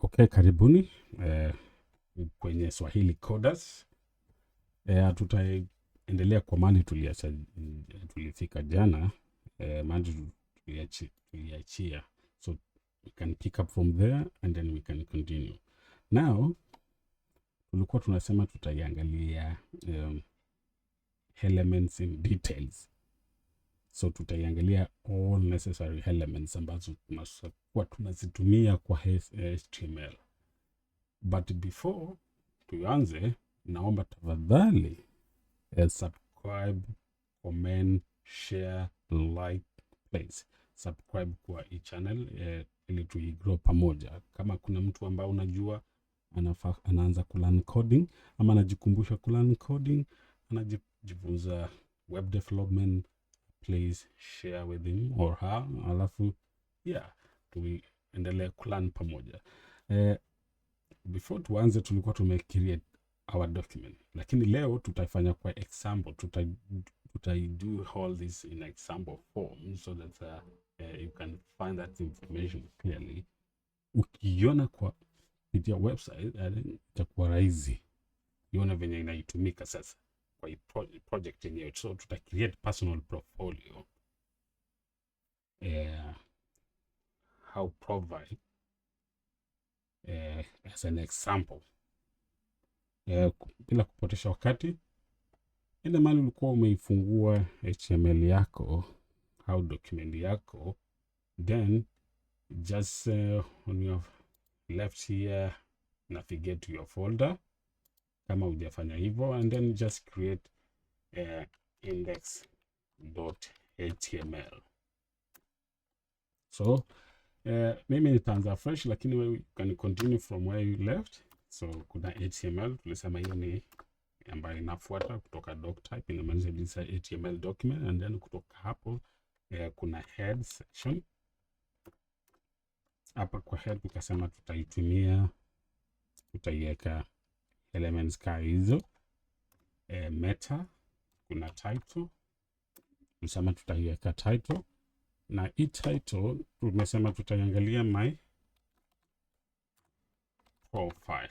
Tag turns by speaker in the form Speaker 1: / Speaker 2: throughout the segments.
Speaker 1: Okay, karibuni eh, kwenye Swahili Coders eh, tutaendelea kwa mali tulifika jana eh, mali tuliachia, so we can pick up from there and then we can continue now. Tulikuwa tunasema tutaiangalia um, elements in details, so tutaiangalia all necessary elements ambazo tulikuwa tunazitumia kwa HTML. But before tuanze, naomba tafadhali eh, subscribe, comment, share, like, please. Subscribe kwa hii channel eh, ili tuigrow pamoja. Kama kuna mtu ambaye unajua anafa, anaanza kulearn coding ama anajikumbusha kulearn coding, anajifunza web development, please share with him or her, alafu yeah tuendelee kulan pamoja. Eh, before tuanze tulikuwa tume create our document, lakini leo tutaifanya kwa example. Tuta, tuta do all this in example form so that uh, uh, you can find that information clearly. Ukiona kwa kupitia website eh, itakuwa rahisi iona venye inaitumika sasa kwa project yenyewe, so tuta create personal portfolio eh, how provide uh, as an example uh, bila kupotesha wakati, ile mali ulikuwa umeifungua HTML yako au document yako, then just uh, on your left here navigate to your folder kama ujafanya hivyo, and then just create uh, eh, index.html so Eh, mimi nitaanza fresh lakini wewe can continue from where you left. So kuna HTML tulisema hiyo ni ambayo inafuata kutoka doc type, inamaanisha jinsi HTML document, and then kutoka hapo eh, kuna head section. Hapa kwa head tukasema tutaitumia, tutaiweka elements ka hizo eh, meta, kuna title tulisema tutaiweka title na e title tumesema tutaangalia my profile,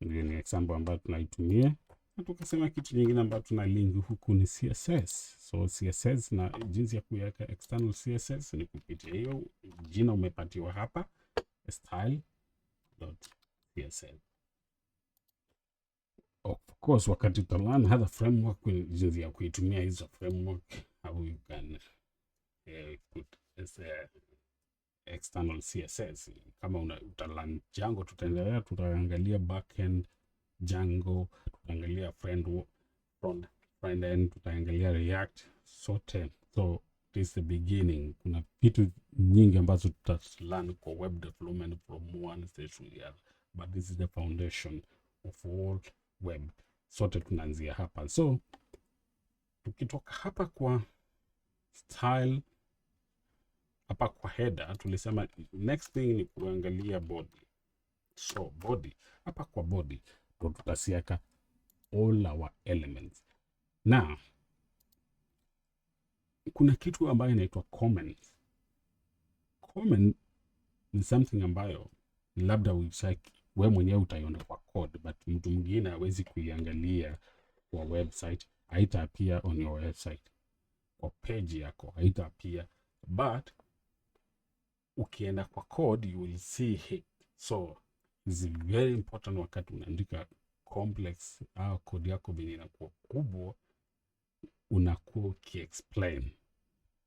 Speaker 1: ndio ni example ambayo tunaitumia, na tukasema kitu nyingine ambayo tuna link huku ni CSS. So CSS na jinsi ya kuweka external CSS ni kupitia hiyo jina umepatiwa hapa style.css. Of course, wakati utalan hata framework, jinsi ya kuitumia hizo framework, how you can eh, as eh, a external CSS. Kama una, utalaunch Django, tutaendelea tutaangalia backend Django, tutaangalia friend front, front end, tutaangalia React sote. So this is the beginning. Kuna vitu nyingi ambazo tutalearn kwa web development from one stage to the other, but this is the foundation of all web. Sote tunaanzia hapa, so tukitoka hapa kwa style hapa kwa header tulisema next thing ni kuangalia body. So body hapa kwa body ndo tutasiaka all our elements, na kuna kitu ambayo inaitwa comment. Comment ni something ambayo labda uishaki we mwenyewe utaiona kwa code, but mtu mwingine hawezi kuiangalia kwa website, haita appear on your website, kwa page yako haita appear but ukienda kwa code you will see here. So it's very important wakati unaandika complex au ah, code yako venye inakuwa kubwa, unakuwa ukiexplain.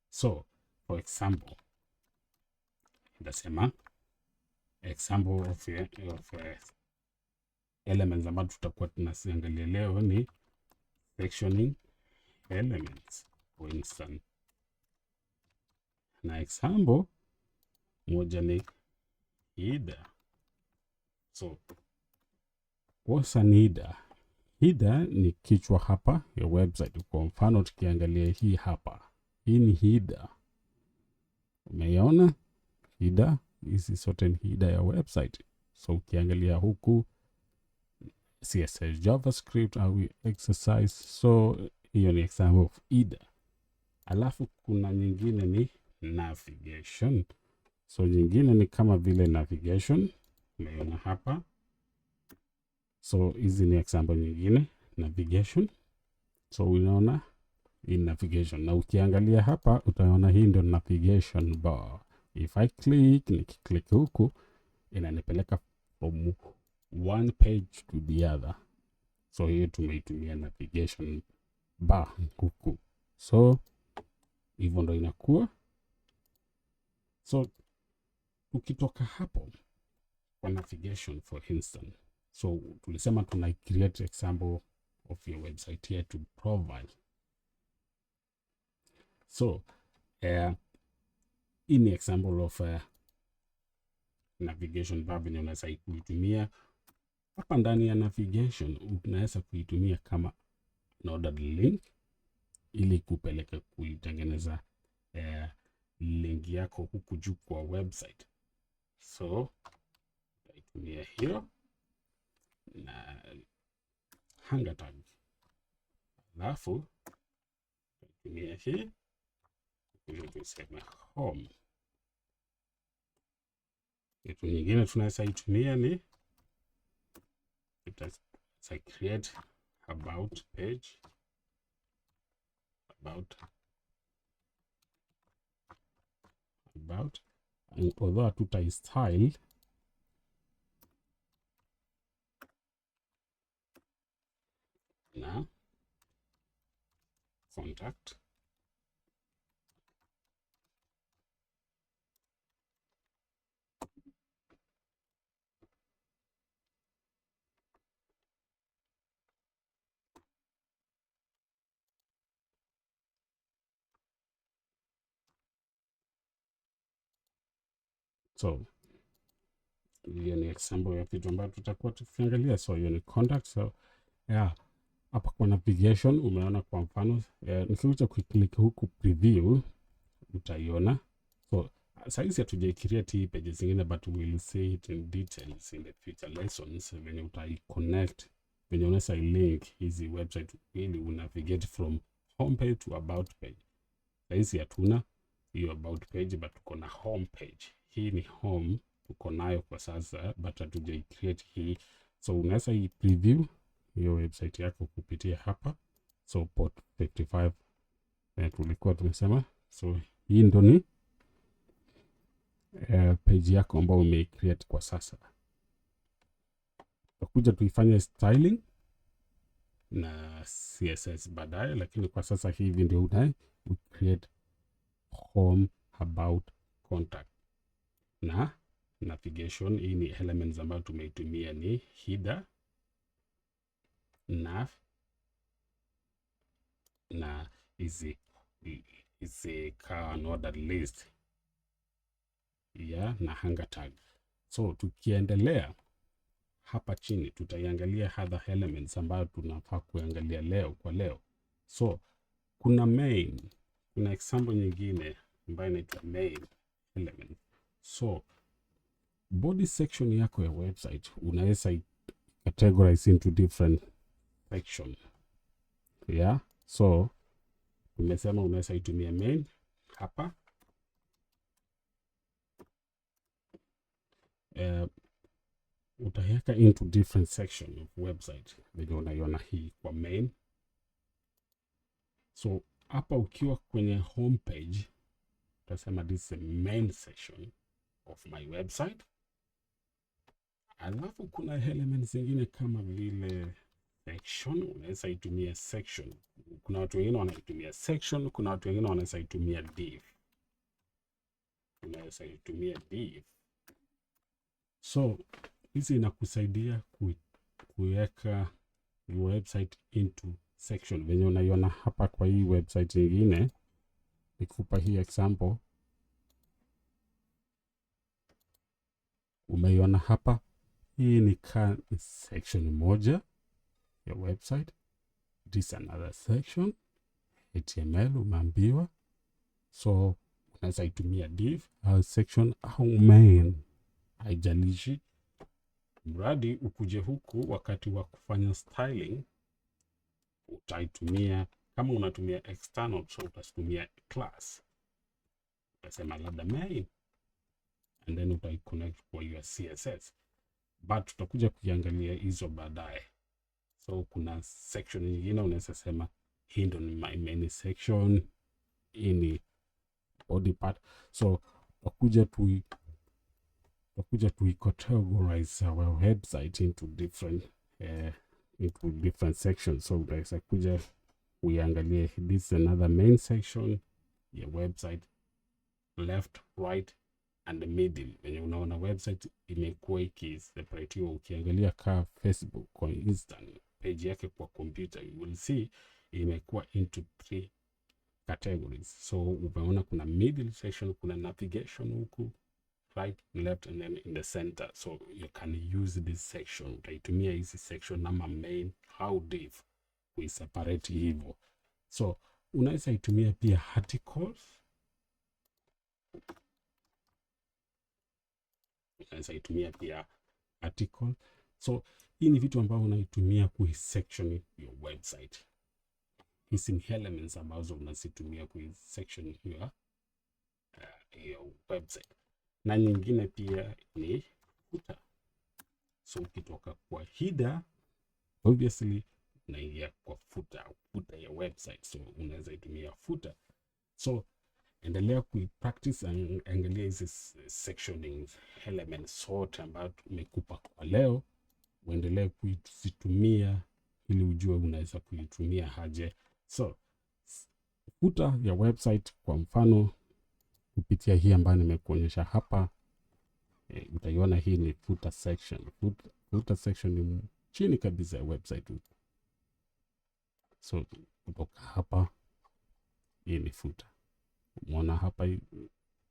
Speaker 1: So for example ndasema example of, of a eh, elements ambazo tutakuwa tunasiangalia leo ni sectioning elements for instance, na example moja ni ida. So what's an ida? Ida ni kichwa hapa ya website. Kwa mfano tukiangalia hii hapa, hii ni ida, umeiona ida? Hizi zote ni ida ya website. So ukiangalia huku CSS, JavaScript au exercise, so hiyo ni example of ida. Alafu kuna nyingine ni navigation So nyingine ni kama vile navigation, unaona hapa. So hizi ni example nyingine navigation. So unaona hii navigation, na ukiangalia hapa utaona hii ndio navigation bar. If I click, nikiklik huku inanipeleka from one page to the other. So hiyo tumeitumia navigation bar huku, so hivyo ndo inakuwa. So Ukitoka hapo kwa navigation, for instance, so tulisema tuna create example of your website here to profile. so uh, ni example of uh, navigation bar venye unaweza kuitumia hapa ndani ya navigation. Unaweza kuitumia kama an ordered link ili kupeleka kuitengeneza uh, link yako huku juu kwa website so tutaitumia hiyo na hanga tag, alafu tutaitumia hii kusema home. Kitu nyingine tunaweza itumia ni tutaweza create about page about about Dobra, tutaj jest tile. Na. Kontakt. So hiyo ni example ya vitu ambayo tutakuwa tukiangalia. So hiyo ni conduct. So yeah, hapa kwa navigation, umeona kwa mfano eh, nikiucha kuclick huku preview utaiona. So saizi hatujai create hii page zingine, but we will see it in details in the future lessons, venye utai connect, venye unaweza link hizi website ili unavigate from homepage to about page. Saizi hatuna hiyo about page, but tuko na homepage hii ni home uko nayo kwa sasa, but hatuja create hii. So unaweza i preview hiyo website yako kupitia hapa. So port 55 eh, tulikuwa tumesema. So hii ndo ni eh, page yako ambayo ume create kwa sasa. Tutakuja tuifanye styling na CSS baadaye, lakini kwa sasa hivi ndio una create home about contact na navigation. Hii ni elements ambayo tumeitumia ni header nav na hizi hizi car order list ya na hanger tag. So tukiendelea hapa chini tutaiangalia other elements ambayo tunafaa kuangalia leo kwa leo. So kuna main, kuna example nyingine ambayo inaitwa main element So body section yako ya website unaweza categorize into different section. Yeah, so umesema unaweza itumia main hapa uh, eh, utaweka into different section of website venye unaiona hii kwa main. So hapa ukiwa kwenye homepage utasema this is the main section of my website. Alafu kuna element zingine kama vile section, unaweza itumia section. Kuna watu wengine wanaitumia section, kuna watu wengine wanaweza itumia div, unaweza itumia div. So hizi inakusaidia kuweka website into section, venye unaiona hapa. Kwa hii website nyingine, nikupa hii example umeiona hapa. Hii ni section moja ya website. This another section HTML umeambiwa, so unaweza itumia div au section au main, haijalishi mradi ukuje huku wakati wa kufanya styling utaitumia kama unatumia external, so utatumia class, utasema labda main and then utaiconnect kwa your CSS, but tutakuja kuiangalia hizo baadaye. So kuna section nyingine unaweza sema hii ndo ni main section, hii ni body part. So tutakuja tu tutakuja tu categorize our website into different uh, into different sections. So utaweza kuja uiangalie, this is another main section ya website, left right and middle venye unaona website imekuwa ikiseparatiwa. Ukiangalia ka Facebook kwa instant page yake kwa computer, you will see imekuwa into three categories. So umeona kuna middle section, kuna navigation huku right left, and then in the center. So you can use this section, utaitumia hizi section ama main how div kuiseparate hivyo. So unaweza itumia pia articles unaweza itumia pia article. So hii ni vitu ambavyo unaitumia kuisection your website. Hizi ni elements ambazo unazitumia kuisection your, uh, your website, na nyingine pia ni footer. So ukitoka kwa header obviously unaingia kwa footer, footer ya website, so unaweza itumia footer so endelea kuipractice, angalia hizi sectioning elements zote ambayo tumekupa kwa leo, uendelee kuzitumia ili ujue unaweza kuitumia haje. So kuta ya website kwa mfano, kupitia hii ambayo nimekuonyesha hapa e, utaiona hii ni footer section. Footer, footer section ni chini kabisa ya website huku. So kutoka hapa, hii ni footer mwana hapa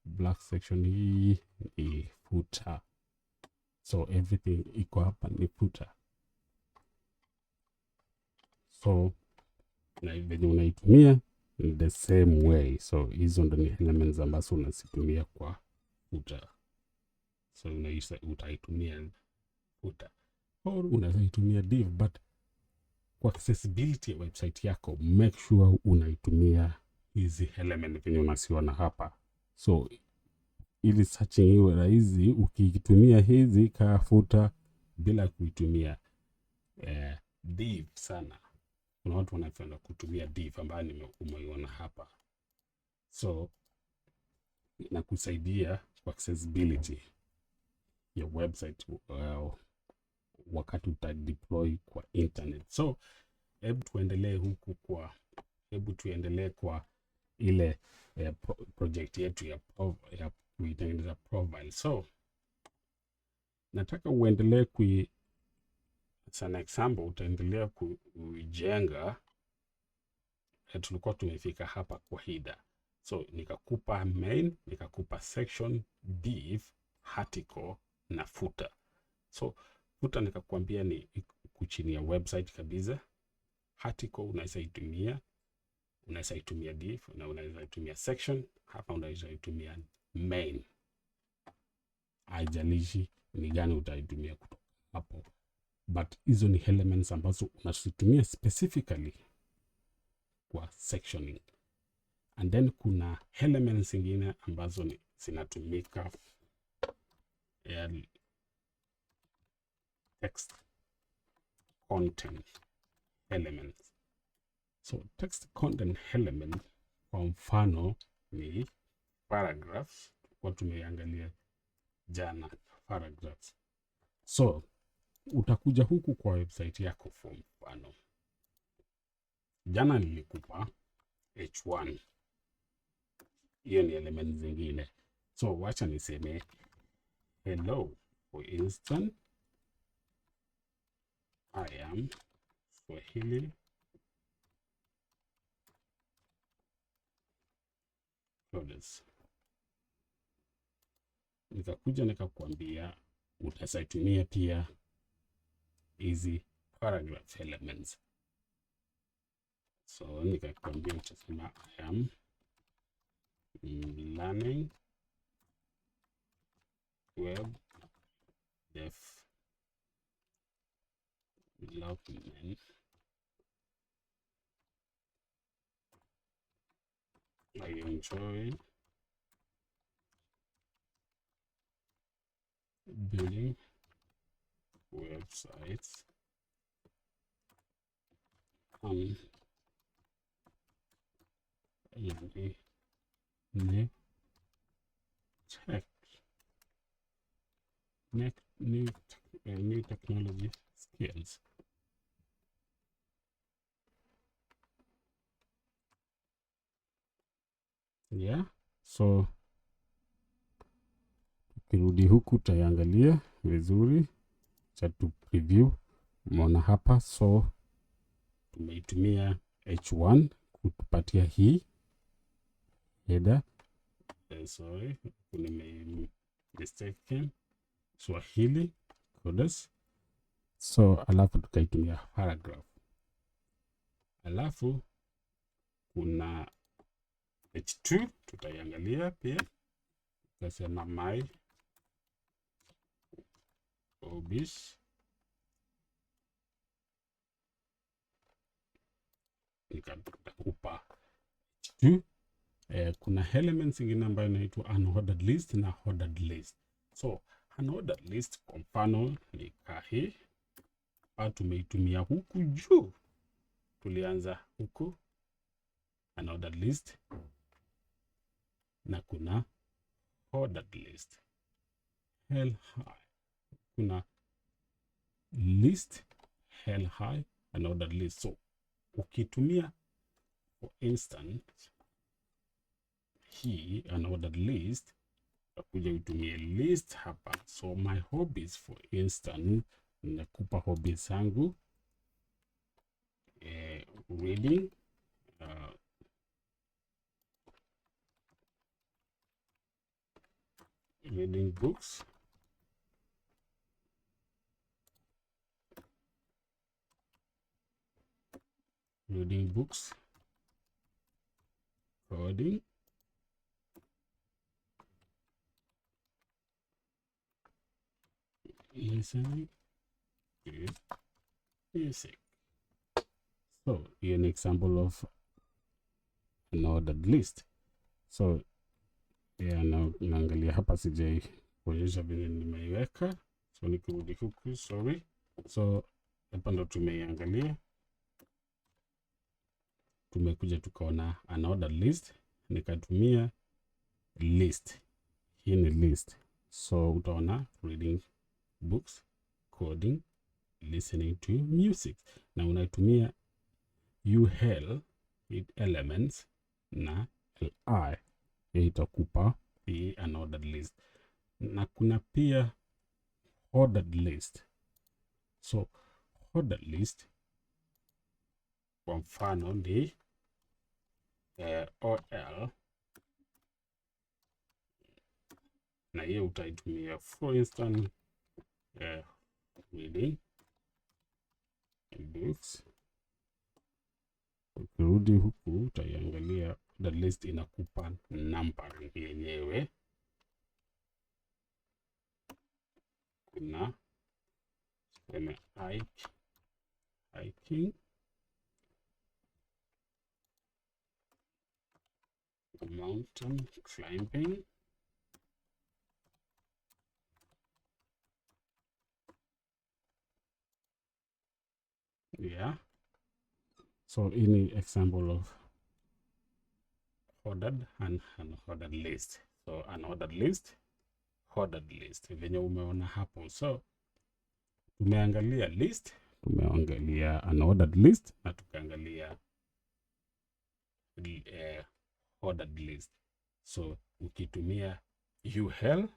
Speaker 1: black section hii ni footer, so everything iko hapa ni footer. So na venye unaitumia in the same way, so hizo ndo ni elements ambazo unazitumia kwa footer. So utaitumia footer or unaitumia div, but kwa accessibility ya website yako make sure unaitumia hizi element venye unasiona hapa. So ili searching iwe rahisi, ukitumia hizi kafuta bila kuitumia eh, div sana. Kuna watu wanapenda kutumia div ambayo umeiona hapa, so inakusaidia accessibility ya website uh, wakati deploy kwa internet. So hebu tuendelee huku kwa, hebu tuendelee kwa ile eh, project yetu ya, ya kuitengeneza profile. So nataka uendelee kui as an example, utaendelea kujenga eh, tulikuwa tumefika hapa kwa hida. So nikakupa main, nikakupa section, div, article na footer. So footer nikakwambia ni kuchini ya website kabisa. Article unaweza itumia unaweza itumia div na unaweza itumia section. Hapa unaweza itumia main, haijalishi ni gani utaitumia kutoka hapo, but hizo ni elements ambazo unazitumia specifically kwa sectioning, and then kuna elements zingine ambazo ni zinatumika eh, text content elements So text content element kwa mfano ni paragraph, kwa tumeangalia jana paragraphs. So utakuja huku kwa website yako, kwa mfano jana nilikupa h1, hiyo ni element zingine. So wacha niseme hello for instance, I am Swahili Torrents. Nikakuja nikakwambia utaweza itumia pia hizi paragraph elements. So nikakwambia utasema I am learning web dev development I enjoyed building websites on Yankee Nick Tech new, uh, new technology skills. yeah. So tukirudi huku tutaangalia vizuri, cha tu preview. Umeona hapa, so tumeitumia h1 kutupatia hii heda eh, Sorry, nime mistake Swahili codes. So alafu tukaitumia paragraph, alafu kuna H2 tutaiangalia pia, tutasema my hobbies nikakupa H2. Eh, kuna elements ingine ambayo inaitwa unordered list na ordered list. So unordered list kwa mfano ni kahi hapa, tumeitumia huku juu, tulianza huku unordered list na kuna ordered list hell high. Kuna list hell high and ordered list. So ukitumia for instance hii an ordered list, utakuja utumie list hapa. So my hobbies for instance, nakupa hobbies zangu eh, reading uh, reading books. Reading books. Coding. Listening. Music. So, an example of an ordered list. So Yeah, na, naangalia hapa sijai kuonyesha vile nimeiweka, so nikirudi huku, sorry. So hapa ndo tumeiangalia, tumekuja tukaona an order list, nikatumia list. Hii ni list, so utaona reading books, coding, listening to music, na unaitumia UL, elements na li hiyo itakupa hii unordered list, na kuna pia ordered list. So ordered list kwa mfano ni eh, ol na hiyo utaitumia for instance eh, reading books. Ukirudi huku utaiangalia the list inakupa number yenyewe. Kuna tuseme hiking mountain climbing yeah so any example of ordered and unordered list. So unordered list, ordered list venye umeona hapo. So tumeangalia list, tumeangalia unordered list na tukaangalia uh, eh, ordered list. So ukitumia UL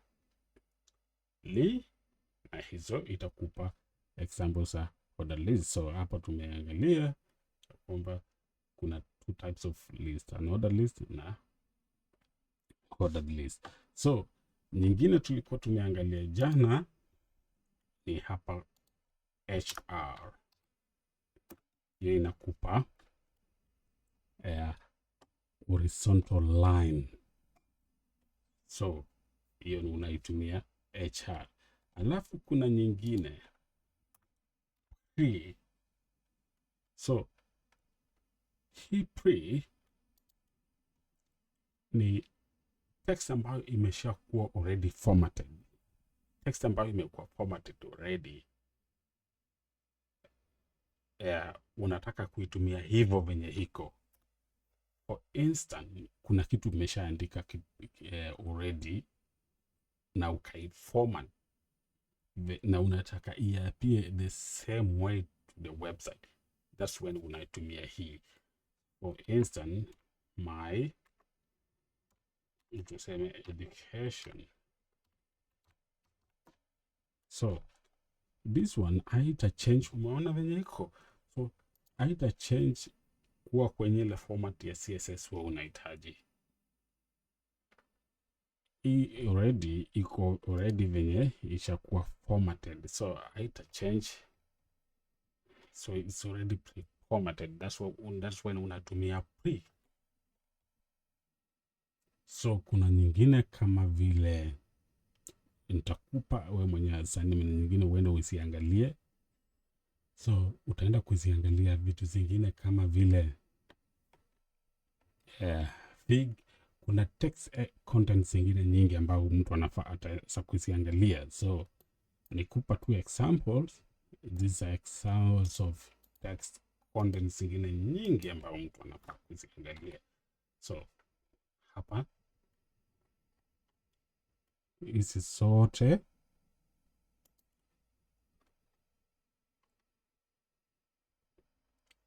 Speaker 1: li na hizo itakupa examples za ordered list. So hapo tumeangalia kwamba kuna two types of list, an ordered list na ordered list. So nyingine tulikuwa tumeangalia jana ni hapa HR, hiyo inakupa uh, horizontal line, so hiyo ni unaitumia HR. Alafu kuna nyingine pre, so Key ni text ambayo imeshakuwa already formatted, text ambayo imekuwa formatted already yeah, unataka kuitumia hivyo venye hiko. For instance, kuna kitu imeshaandika uh, eh, already na format na unataka iapie the same way to the website, that's when unaitumia hii for instance my tuseme education so this one aita change umeona venye iko so aita change kuwa kwenye ile format ya css wewe unahitaji hii already iko already venye ishakuwa formatted so aita change so it's already pre formatted. That's, what, that's when unatumia pre. So kuna nyingine kama vile nitakupa we mwenye assignment nyingine uende usiangalie, so utaenda kuziangalia vitu zingine kama vile yeah, fig. Kuna text eh, content zingine nyingi ambayo mtu anafaa ataweza kuziangalia, so nikupa tu examples. These are examples of text content zingine nyingi ambayo mtu anafaa kuziangalia. So hapa hizi zote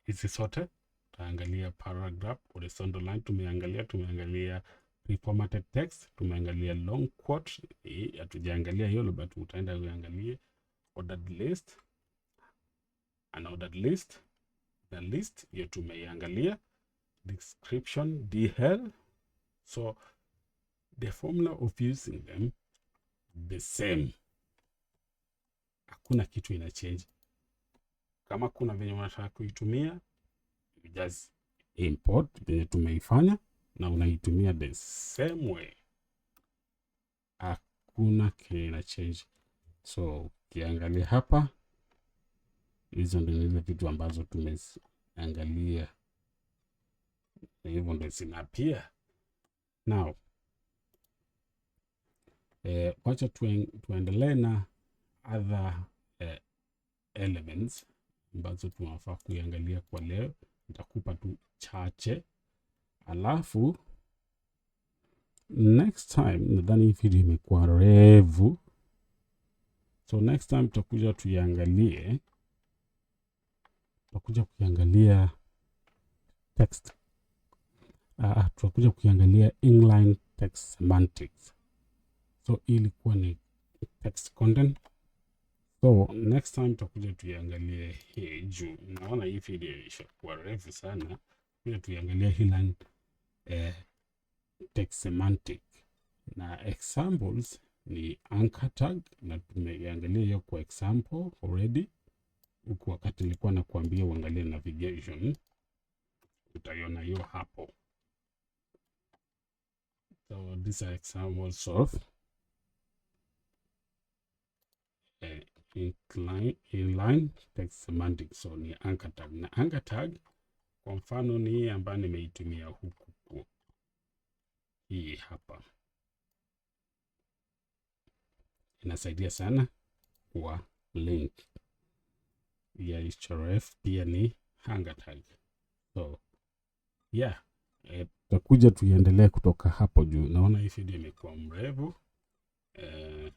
Speaker 1: hizi zote tutaangalia paragraph, horizontal line tumeangalia, tumeangalia reformatted text, tumeangalia long quote, hatujaangalia hiyo but utaenda uangalie ordered list, an ordered list na list hiyo tumeiangalia, description DL. So the formula of using them the same, hakuna kitu ina change. Kama kuna venye unataka kuitumia you just import venye tumeifanya na unaitumia the same way, hakuna kile ina change. So ukiangalia hapa Hizo ndio zile vitu ambazo tumeangalia, hivyo ndio zina pia Eh, wacha tuendelee na other eh, elements ambazo tunafaa kuiangalia kwa leo. Nitakupa tu chache, alafu next time nadhani hii video imekuwa refu, so next time tutakuja tuiangalie tutakuja kuiangalia text uh, tutakuja kuiangalia inline text semantics. So hii ilikuwa ni text content. So next time tutakuja tuiangalie hii juu, naona hii video ishakuwa refu sana, kuja tuiangalia line eh, text semantic na examples ni anchor tag, na tumeiangalia hiyo kwa example already huku wakati nilikuwa nakuambia uangalie navigation, utaiona hiyo hapo. So these are examples of uh, inline, text semantics. So ni anchor tag, na anchor tag kwa mfano ni hii ambayo nimeitumia huku, hii hapa inasaidia sana kwa link ya href pia ni hanger tag. So yeah, eh, tutakuja tuiendelee kutoka hapo juu. Naona hii video imekuwa mrefu e,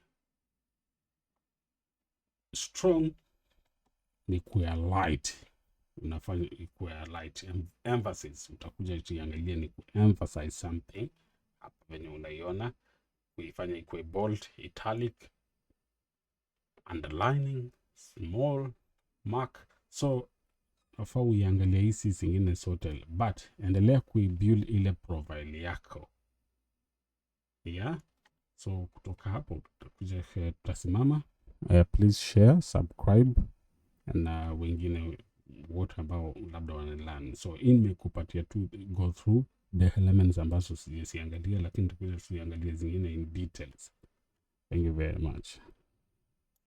Speaker 1: strong ni kuya light unafanya kuya light emphasis. Utakuja tuiangalia ni kuemphasize something hapa venye unaiona kuifanya ikuwe bold, italic, underlining, small mark so afa uiangalia hizi zingine zote but endelea kuibuild ile profile yako yeah so kutoka hapo tutakuja tutasimama uh, eh, please share subscribe na uh, wengine wote ambao labda wanalan so hii nimekupatia tu go through the elements ambazo sijaziangalia lakini tukuja tuziangalie zingine in details thank you very much